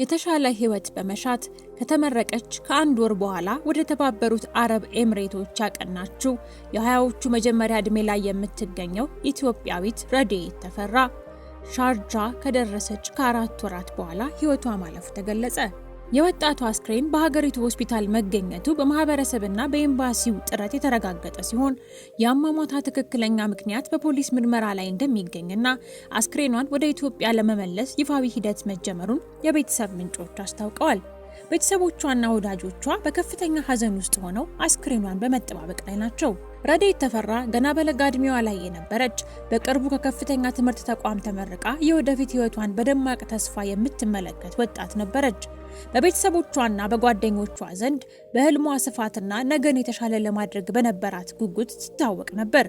የተሻለ ህይወት በመሻት ከተመረቀች ከአንድ ወር በኋላ ወደ ተባበሩት አረብ ኤምሬቶች ያቀናችው የሀያዎቹ መጀመሪያ ዕድሜ ላይ የምትገኘው ኢትዮጵያዊት ረድኤት ተፈራ ሻርጃ ከደረሰች ከአራት ወራት በኋላ ህይወቷ ማለፉ ተገለጸ። የወጣቱ አስክሬን በሀገሪቱ ሆስፒታል መገኘቱ በማህበረሰብና በኤምባሲው ጥረት የተረጋገጠ ሲሆን የአሟሟቷ ትክክለኛ ምክንያት በፖሊስ ምርመራ ላይ እንደሚገኝና አስክሬኗን ወደ ኢትዮጵያ ለመመለስ ይፋዊ ሂደት መጀመሩን የቤተሰብ ምንጮች አስታውቀዋል። ቤተሰቦቿና ወዳጆቿ በከፍተኛ ሀዘን ውስጥ ሆነው አስክሬኗን በመጠባበቅ ላይ ናቸው። ረዴት ተፈራ ገና በለጋ እድሜዋ ላይ የነበረች በቅርቡ ከከፍተኛ ትምህርት ተቋም ተመርቃ የወደፊት ህይወቷን በደማቅ ተስፋ የምትመለከት ወጣት ነበረች። በቤተሰቦቿና በጓደኞቿ ዘንድ በህልሟ ስፋትና ነገን የተሻለ ለማድረግ በነበራት ጉጉት ትታወቅ ነበር።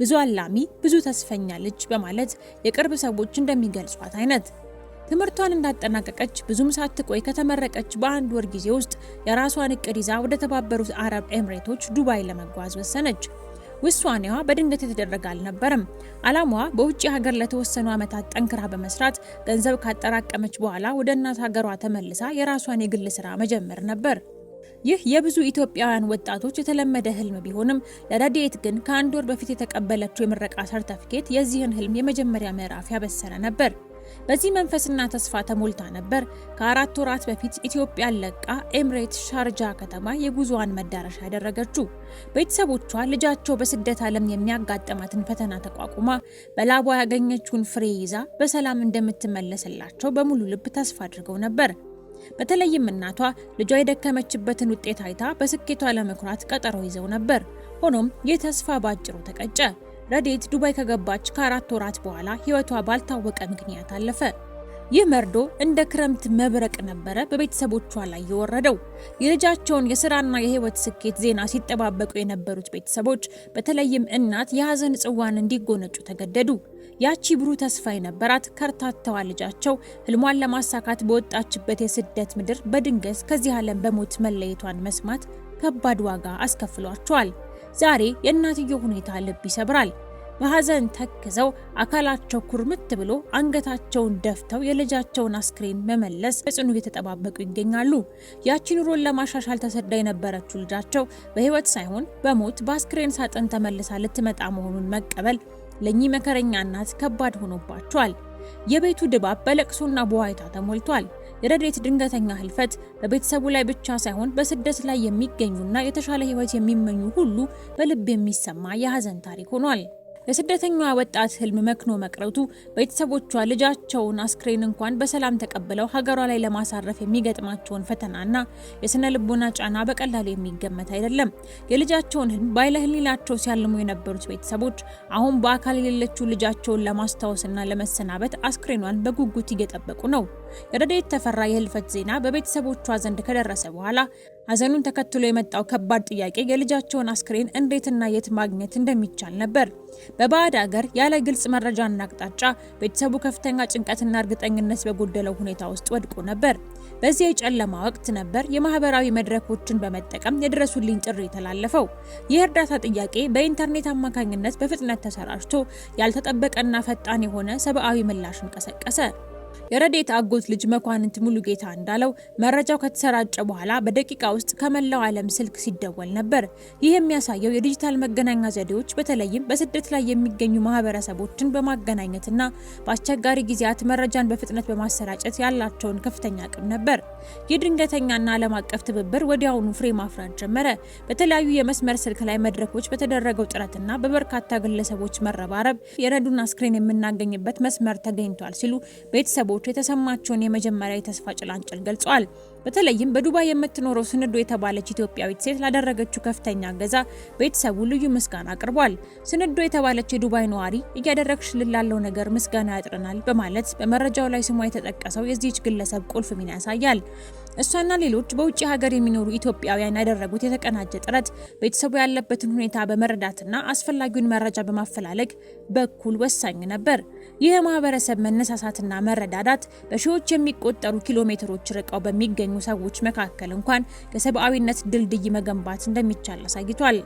ብዙ አላሚ፣ ብዙ ተስፈኛ ልጅ በማለት የቅርብ ሰዎች እንደሚገልጿት አይነት። ትምህርቷን እንዳጠናቀቀች ብዙም ሳትቆይ ከተመረቀች በአንድ ወር ጊዜ ውስጥ የራሷን እቅድ ይዛ ወደ ተባበሩት አረብ ኤምሬቶች ዱባይ ለመጓዝ ወሰነች። ውሳኔዋ በድንገት የተደረገ አልነበረም። አላማዋ በውጭ ሀገር ለተወሰኑ ዓመታት ጠንክራ በመስራት ገንዘብ ካጠራቀመች በኋላ ወደ እናት ሀገሯ ተመልሳ የራሷን የግል ስራ መጀመር ነበር። ይህ የብዙ ኢትዮጵያውያን ወጣቶች የተለመደ ህልም ቢሆንም ለረድኤት ግን ከአንድ ወር በፊት የተቀበለችው የምረቃ ሰርተፍኬት የዚህን ህልም የመጀመሪያ ምዕራፍ ያበሰረ ነበር። በዚህ መንፈስና ተስፋ ተሞልታ ነበር ከአራት ወራት በፊት ኢትዮጵያን ለቃ ኤምሬት ሻርጃ ከተማ የጉዞዋን መዳረሻ ያደረገችው። ቤተሰቦቿ ልጃቸው በስደት ዓለም የሚያጋጥማትን ፈተና ተቋቁማ በላቧ ያገኘችውን ፍሬ ይዛ በሰላም እንደምትመለስላቸው በሙሉ ልብ ተስፋ አድርገው ነበር። በተለይም እናቷ ልጇ የደከመችበትን ውጤት አይታ በስኬቷ ለመኩራት ቀጠሮ ይዘው ነበር። ሆኖም ይህ ተስፋ ባጭሩ ተቀጨ። ረዴት ዱባይ ከገባች ከአራት ወራት በኋላ ህይወቷ ባልታወቀ ምክንያት አለፈ። ይህ መርዶ እንደ ክረምት መብረቅ ነበረ በቤተሰቦቿ ላይ የወረደው። የልጃቸውን የስራና የህይወት ስኬት ዜና ሲጠባበቁ የነበሩት ቤተሰቦች በተለይም እናት የሀዘን ጽዋን እንዲጎነጩ ተገደዱ። ያቺ ብሩህ ተስፋ የነበራት ከርታታዋ ልጃቸው ህልሟን ለማሳካት በወጣችበት የስደት ምድር በድንገት ከዚህ ዓለም በሞት መለየቷን መስማት ከባድ ዋጋ አስከፍሏቸዋል። ዛሬ የእናትየው ሁኔታ ልብ ይሰብራል። በሐዘን ተክዘው አካላቸው ኩርምት ብሎ አንገታቸውን ደፍተው የልጃቸውን አስክሬን መመለስ በጽኑ እየተጠባበቁ ይገኛሉ። ያቺ ኑሮን ለማሻሻል ተሰዳ የነበረችው ልጃቸው በሕይወት ሳይሆን በሞት በአስክሬን ሳጥን ተመልሳ ልትመጣ መሆኑን መቀበል ለእኚህ መከረኛ እናት ከባድ ሆኖባቸዋል። የቤቱ ድባብ በለቅሶና በዋይታ ተሞልቷል። የረድኤት ድንገተኛ ህልፈት በቤተሰቡ ላይ ብቻ ሳይሆን በስደት ላይ የሚገኙና የተሻለ ህይወት የሚመኙ ሁሉ በልብ የሚሰማ የሀዘን ታሪክ ሆኗል። ለስደተኛዋ ወጣት ህልም መክኖ መቅረቱ ቤተሰቦቿ ልጃቸውን አስክሬን እንኳን በሰላም ተቀብለው ሀገሯ ላይ ለማሳረፍ የሚገጥማቸውን ፈተናና የስነ ልቦና ጫና በቀላሉ የሚገመት አይደለም። የልጃቸውን ህልም ባይለ ህሊናቸው ሲያልሙ የነበሩት ቤተሰቦች አሁን በአካል የሌለችው ልጃቸውን ለማስታወስና ለመሰናበት አስክሬኗን በጉጉት እየጠበቁ ነው። የረድኤት ተፈራ የህልፈት ዜና በቤተሰቦቿ ዘንድ ከደረሰ በኋላ ሀዘኑን ተከትሎ የመጣው ከባድ ጥያቄ የልጃቸውን አስክሬን እንዴትና የት ማግኘት እንደሚቻል ነበር። በባዕድ አገር ያለ ግልጽ መረጃና አቅጣጫ ቤተሰቡ ከፍተኛ ጭንቀትና እርግጠኝነት በጎደለው ሁኔታ ውስጥ ወድቆ ነበር። በዚህ የጨለማ ወቅት ነበር የማህበራዊ መድረኮችን በመጠቀም የድረሱልኝ ጥሪ የተላለፈው። ይህ እርዳታ ጥያቄ በኢንተርኔት አማካኝነት በፍጥነት ተሰራጭቶ ያልተጠበቀና ፈጣን የሆነ ሰብአዊ ምላሽ እንቀሰቀሰ። የረዴት አጎት ልጅ መኳንንት ሙሉ ጌታ እንዳለው መረጃው ከተሰራጨ በኋላ በደቂቃ ውስጥ ከመላው ዓለም ስልክ ሲደወል ነበር። ይህ የሚያሳየው የዲጂታል መገናኛ ዘዴዎች በተለይም በስደት ላይ የሚገኙ ማህበረሰቦችን በማገናኘትና በአስቸጋሪ ጊዜያት መረጃን በፍጥነት በማሰራጨት ያላቸውን ከፍተኛ አቅም ነበር። ይህ ድንገተኛና ዓለም አቀፍ ትብብር ወዲያውኑ ፍሬ ማፍራት ጀመረ። በተለያዩ የመስመር ስልክ ላይ መድረኮች በተደረገው ጥረትና በበርካታ ግለሰቦች መረባረብ የረዱን አስክሬን የምናገኝበት መስመር ተገኝቷል ሲሉ ቤተሰቦ ቤተሰቦቹ የተሰማቸውን የመጀመሪያ የተስፋ ጭላንጭል ገልጸዋል። በተለይም በዱባይ የምትኖረው ስንዱ የተባለች ኢትዮጵያዊት ሴት ላደረገችው ከፍተኛ እገዛ ቤተሰቡ ልዩ ምስጋና አቅርቧል። ስንዱ የተባለች የዱባይ ነዋሪ እያደረግሽልን ላለው ነገር ምስጋና ያጥረናል በማለት በመረጃው ላይ ስሟ የተጠቀሰው የዚህች ግለሰብ ቁልፍ ሚና ያሳያል። እሷና ሌሎች በውጭ ሀገር የሚኖሩ ኢትዮጵያውያን ያደረጉት የተቀናጀ ጥረት ቤተሰቡ ያለበትን ሁኔታ በመረዳትና አስፈላጊውን መረጃ በማፈላለግ በኩል ወሳኝ ነበር። ይህ የማህበረሰብ መነሳሳትና መረዳዳት በሺዎች የሚቆጠሩ ኪሎ ሜትሮች ርቀው በሚገኙ ሰዎች መካከል እንኳን የሰብአዊነት ድልድይ መገንባት እንደሚቻል አሳይቷል።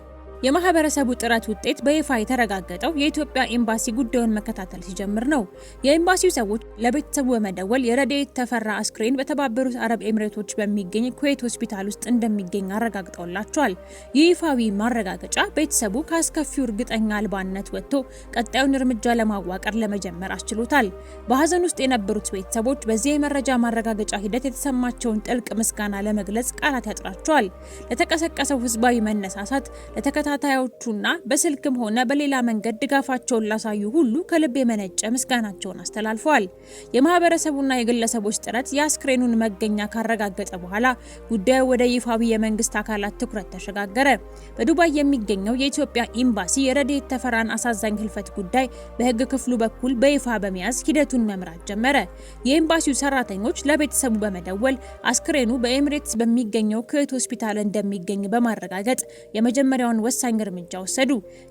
የማህበረሰቡ ጥረት ውጤት በይፋ የተረጋገጠው የኢትዮጵያ ኤምባሲ ጉዳዩን መከታተል ሲጀምር ነው። የኤምባሲው ሰዎች ለቤተሰቡ በመደወል የረድኤት ተፈራ አስክሬን በተባበሩት አረብ ኤምሬቶች በሚገኝ ኩዌት ሆስፒታል ውስጥ እንደሚገኝ አረጋግጠውላቸዋል። የይፋዊ ማረጋገጫ ቤተሰቡ ከአስከፊው እርግጠኛ አልባነት ወጥቶ ቀጣዩን እርምጃ ለማዋቀር ለመጀመር አስችሎታል። በሀዘን ውስጥ የነበሩት ቤተሰቦች በዚህ የመረጃ ማረጋገጫ ሂደት የተሰማቸውን ጥልቅ ምስጋና ለመግለጽ ቃላት ያጥራቸዋል። ለተቀሰቀሰው ህዝባዊ መነሳሳት ተከታታዮቹና በስልክም ሆነ በሌላ መንገድ ድጋፋቸውን ላሳዩ ሁሉ ከልብ የመነጨ ምስጋናቸውን አስተላልፈዋል። የማህበረሰቡና የግለሰቦች ጥረት የአስክሬኑን መገኛ ካረጋገጠ በኋላ ጉዳዩ ወደ ይፋዊ የመንግስት አካላት ትኩረት ተሸጋገረ። በዱባይ የሚገኘው የኢትዮጵያ ኤምባሲ የረድኤት ተፈራን አሳዛኝ ህልፈት ጉዳይ በህግ ክፍሉ በኩል በይፋ በመያዝ ሂደቱን መምራት ጀመረ። የኤምባሲው ሰራተኞች ለቤተሰቡ በመደወል አስክሬኑ በኤምሬትስ በሚገኘው ክህት ሆስፒታል እንደሚገኝ በማረጋገጥ የመጀመሪያውን ወስ ወሳኝ እርምጃ ወሰዱ።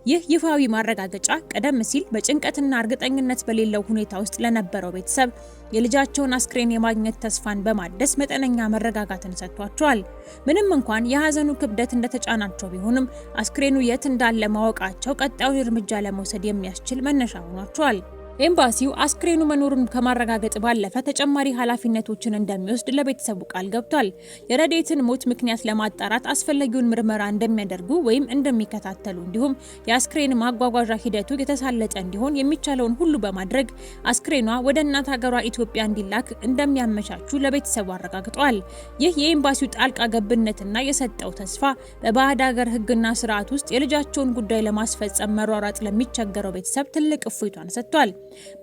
ይህ ይፋዊ ማረጋገጫ ቀደም ሲል በጭንቀትና እርግጠኝነት በሌለው ሁኔታ ውስጥ ለነበረው ቤተሰብ የልጃቸውን አስክሬን የማግኘት ተስፋን በማደስ መጠነኛ መረጋጋትን ሰጥቷቸዋል። ምንም እንኳን የሀዘኑ ክብደት እንደተጫናቸው ቢሆንም አስክሬኑ የት እንዳለ ማወቃቸው ቀጣዩን እርምጃ ለመውሰድ የሚያስችል መነሻ ሆኗቸዋል። ኤምባሲው አስክሬኑ መኖሩን ከማረጋገጥ ባለፈ ተጨማሪ ኃላፊነቶችን እንደሚወስድ ለቤተሰቡ ቃል ገብቷል። የረዴትን ሞት ምክንያት ለማጣራት አስፈላጊውን ምርመራ እንደሚያደርጉ ወይም እንደሚከታተሉ እንዲሁም የአስክሬን ማጓጓዣ ሂደቱ የተሳለጠ እንዲሆን የሚቻለውን ሁሉ በማድረግ አስክሬኗ ወደ እናት ሀገሯ ኢትዮጵያ እንዲላክ እንደሚያመቻቹ ለቤተሰቡ አረጋግጠዋል። ይህ የኤምባሲው ጣልቃ ገብነትና የሰጠው ተስፋ በባዕድ ሀገር ሕግና ስርዓት ውስጥ የልጃቸውን ጉዳይ ለማስፈጸም መሯሯጥ ለሚቸገረው ቤተሰብ ትልቅ እፎይቷን ሰጥቷል።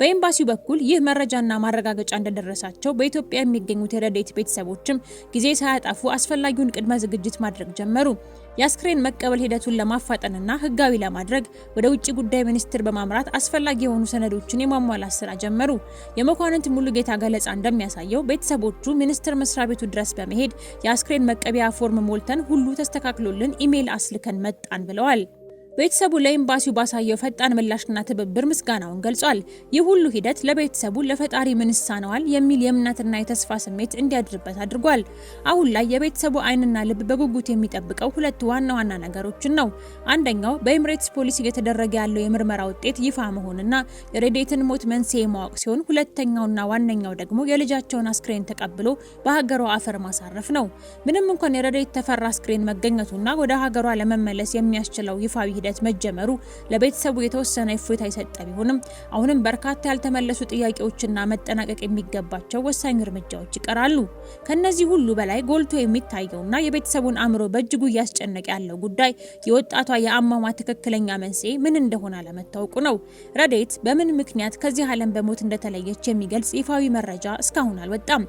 በኤምባሲው በኩል ይህ መረጃና ማረጋገጫ እንደደረሳቸው በኢትዮጵያ የሚገኙት የረድኤት ቤተሰቦችም ጊዜ ሳያጠፉ አስፈላጊውን ቅድመ ዝግጅት ማድረግ ጀመሩ። የአስክሬን መቀበል ሂደቱን ለማፋጠንና ህጋዊ ለማድረግ ወደ ውጭ ጉዳይ ሚኒስቴር በማምራት አስፈላጊ የሆኑ ሰነዶችን የማሟላት ስራ ጀመሩ። የመኳንንት ሙሉጌታ ገለጻ እንደሚያሳየው ቤተሰቦቹ ሚኒስቴር መስሪያ ቤቱ ድረስ በመሄድ የአስክሬን መቀቢያ ፎርም ሞልተን ሁሉ ተስተካክሎልን ኢሜይል አስልከን መጣን ብለዋል። ቤተሰቡ ለኤምባሲው ባሳየው ፈጣን ምላሽና ትብብር ምስጋናውን ገልጿል። ይህ ሁሉ ሂደት ለቤተሰቡ ለፈጣሪ ምን ይሳነዋል የሚል የእምነትና የተስፋ ስሜት እንዲያድርበት አድርጓል። አሁን ላይ የቤተሰቡ ዓይንና ልብ በጉጉት የሚጠብቀው ሁለት ዋና ዋና ነገሮችን ነው። አንደኛው በኤምሬትስ ፖሊስ እየተደረገ ያለው የምርመራ ውጤት ይፋ መሆንና የሬዴትን ሞት መንስኤ ማወቅ ሲሆን ሁለተኛውና ዋነኛው ደግሞ የልጃቸውን አስክሬን ተቀብሎ በሀገሯ አፈር ማሳረፍ ነው። ምንም እንኳን የረዴት ተፈራ አስክሬን መገኘቱና ወደ ሀገሯ ለመመለስ የሚያስችለው ይፋዊ ሂደት መጀመሩ ለቤተሰቡ የተወሰነ እፎይታ የሰጠ ቢሆንም አሁንም በርካታ ያልተመለሱ ጥያቄዎችና መጠናቀቅ የሚገባቸው ወሳኝ እርምጃዎች ይቀራሉ። ከነዚህ ሁሉ በላይ ጎልቶ የሚታየውና የቤተሰቡን አእምሮ በእጅጉ እያስጨነቀ ያለው ጉዳይ የወጣቷ የአሟሟት ትክክለኛ መንስኤ ምን እንደሆነ አለመታወቁ ነው። ረዴት በምን ምክንያት ከዚህ ዓለም በሞት እንደተለየች የሚገልጽ ይፋዊ መረጃ እስካሁን አልወጣም።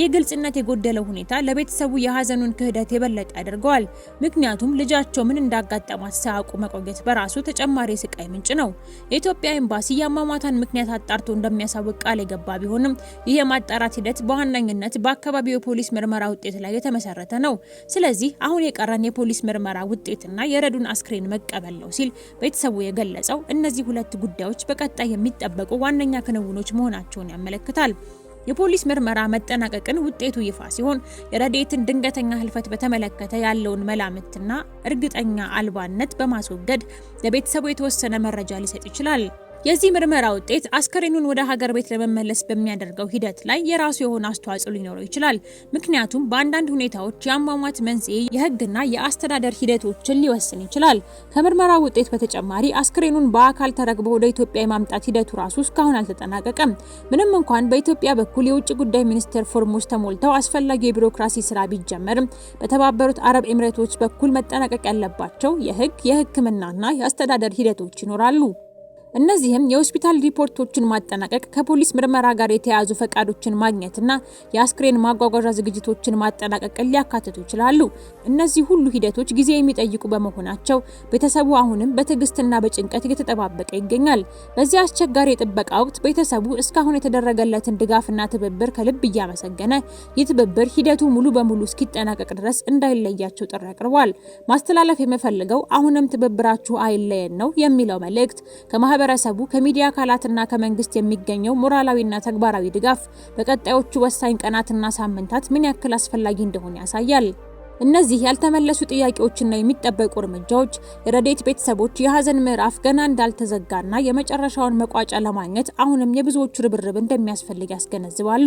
ይህ ግልጽነት የጎደለው ሁኔታ ለቤተሰቡ የሀዘኑን ክህደት የበለጠ ያደርገዋል። ምክንያቱም ልጃቸው ምን እንዳጋጠማት ሳያውቁ መቆ ማስታወቂያ በራሱ ተጨማሪ ስቃይ ምንጭ ነው። የኢትዮጵያ ኤምባሲ የአሟሟታን ምክንያት አጣርቶ እንደሚያሳውቅ ቃል የገባ ቢሆንም ይህ የማጣራት ሂደት በዋነኝነት በአካባቢው የፖሊስ ምርመራ ውጤት ላይ የተመሰረተ ነው። ስለዚህ አሁን የቀረን የፖሊስ ምርመራ ውጤትና የረዱን አስክሬን መቀበል ነው ሲል ቤተሰቡ የገለጸው እነዚህ ሁለት ጉዳዮች በቀጣይ የሚጠበቁ ዋነኛ ክንውኖች መሆናቸውን ያመለክታል። የፖሊስ ምርመራ መጠናቀቅን ውጤቱ ይፋ ሲሆን የረዴትን ድንገተኛ ህልፈት በተመለከተ ያለውን መላምትና እርግጠኛ አልባነት በማስወገድ ለቤተሰቡ የተወሰነ መረጃ ሊሰጥ ይችላል። የዚህ ምርመራ ውጤት አስከሬኑን ወደ ሀገር ቤት ለመመለስ በሚያደርገው ሂደት ላይ የራሱ የሆነ አስተዋጽኦ ሊኖረው ይችላል። ምክንያቱም በአንዳንድ ሁኔታዎች የአሟሟት መንስኤ የህግና የአስተዳደር ሂደቶችን ሊወስን ይችላል። ከምርመራ ውጤት በተጨማሪ አስክሬኑን በአካል ተረግቦ ወደ ኢትዮጵያ የማምጣት ሂደቱ ራሱ እስካሁን አልተጠናቀቀም። ምንም እንኳን በኢትዮጵያ በኩል የውጭ ጉዳይ ሚኒስቴር ፎርሞች ተሞልተው አስፈላጊ የቢሮክራሲ ስራ ቢጀመርም በተባበሩት አረብ ኤምሬቶች በኩል መጠናቀቅ ያለባቸው የህግ የህክምናና የአስተዳደር ሂደቶች ይኖራሉ። እነዚህም የሆስፒታል ሪፖርቶችን ማጠናቀቅ፣ ከፖሊስ ምርመራ ጋር የተያያዙ ፈቃዶችን ማግኘትና የአስክሬን ማጓጓዣ ዝግጅቶችን ማጠናቀቅን ሊያካትቱ ይችላሉ። እነዚህ ሁሉ ሂደቶች ጊዜ የሚጠይቁ በመሆናቸው ቤተሰቡ አሁንም በትዕግስትና በጭንቀት እየተጠባበቀ ይገኛል። በዚህ አስቸጋሪ የጥበቃ ወቅት ቤተሰቡ እስካሁን የተደረገለትን ድጋፍና ትብብር ከልብ እያመሰገነ ይህ ትብብር ሂደቱ ሙሉ በሙሉ እስኪጠናቀቅ ድረስ እንዳይለያቸው ጥሪ አቅርቧል። ማስተላለፍ የምፈልገው አሁንም ትብብራችሁ አይለየን ነው የሚለው መልእክት ማህበረሰቡ ከሚዲያ አካላትና ከመንግስት የሚገኘው ሞራላዊና ተግባራዊ ድጋፍ በቀጣዮቹ ወሳኝ ቀናትና ሳምንታት ምን ያክል አስፈላጊ እንደሆነ ያሳያል። እነዚህ ያልተመለሱ ጥያቄዎችና የሚጠበቁ እርምጃዎች የረዴት ቤተሰቦች የሀዘን ምዕራፍ ገና እንዳልተዘጋና የመጨረሻውን መቋጫ ለማግኘት አሁንም የብዙዎቹ ርብርብ እንደሚያስፈልግ ያስገነዝባሉ።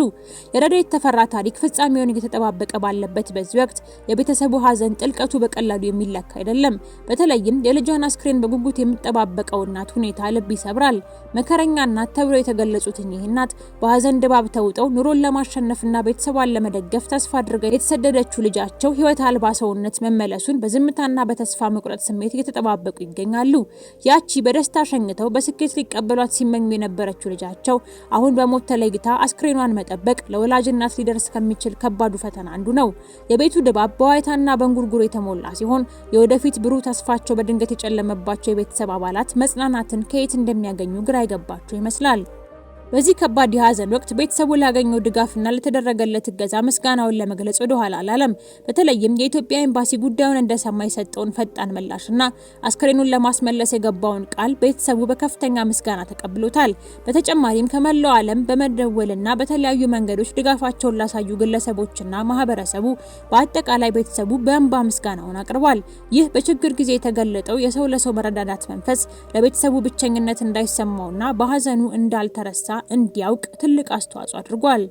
የረዴት ተፈራ ታሪክ ፍጻሜውን እየተጠባበቀ ባለበት በዚህ ወቅት የቤተሰቡ ሀዘን ጥልቀቱ በቀላሉ የሚለካ አይደለም። በተለይም የልጇን አስክሬን በጉጉት የምጠባበቀው እናት ሁኔታ ልብ ይሰብራል። መከረኛ እናት ተብለው የተገለጹት እኚህ እናት በሀዘን ድባብ ተውጠው ኑሮን ለማሸነፍና ቤተሰቧን ለመደገፍ ተስፋ አድርገ የተሰደደችው ልጃቸው ህይወት አልባ ሰውነት መመለሱን በዝምታና በተስፋ መቁረጥ ስሜት እየተጠባበቁ ይገኛሉ። ያቺ በደስታ ሸኝተው በስኬት ሊቀበሏት ሲመኙ የነበረችው ልጃቸው አሁን በሞት ተለይታ አስክሬኗን መጠበቅ ለወላጅናት ሊደርስ ከሚችል ከባዱ ፈተና አንዱ ነው። የቤቱ ድባብ በዋይታና በእንጉርጉር የተሞላ ሲሆን የወደፊት ብሩህ ተስፋቸው በድንገት የጨለመባቸው የቤተሰብ አባላት መጽናናትን ከየት እንደሚያገኙ ግራ የገባቸው ይመስላል። በዚህ ከባድ የሀዘን ወቅት ቤተሰቡ ላገኘው ድጋፍና ለተደረገለት እገዛ ምስጋናውን ለመግለጽ ወደ ኋላ አላለም። በተለይም የኢትዮጵያ ኤምባሲ ጉዳዩን እንደሰማ የሰጠውን ፈጣን ምላሽና አስክሬኑን ለማስመለስ የገባውን ቃል ቤተሰቡ በከፍተኛ ምስጋና ተቀብሎታል። በተጨማሪም ከመላው ዓለም በመደወልና በተለያዩ መንገዶች ድጋፋቸውን ላሳዩ ግለሰቦችና ማህበረሰቡ በአጠቃላይ ቤተሰቡ በእንባ ምስጋናውን አቅርቧል። ይህ በችግር ጊዜ የተገለጠው የሰው ለሰው መረዳዳት መንፈስ ለቤተሰቡ ብቸኝነት እንዳይሰማውና በሀዘኑ እንዳልተረሳ እንዲያውቅ ትልቅ አስተዋጽኦ አድርጓል።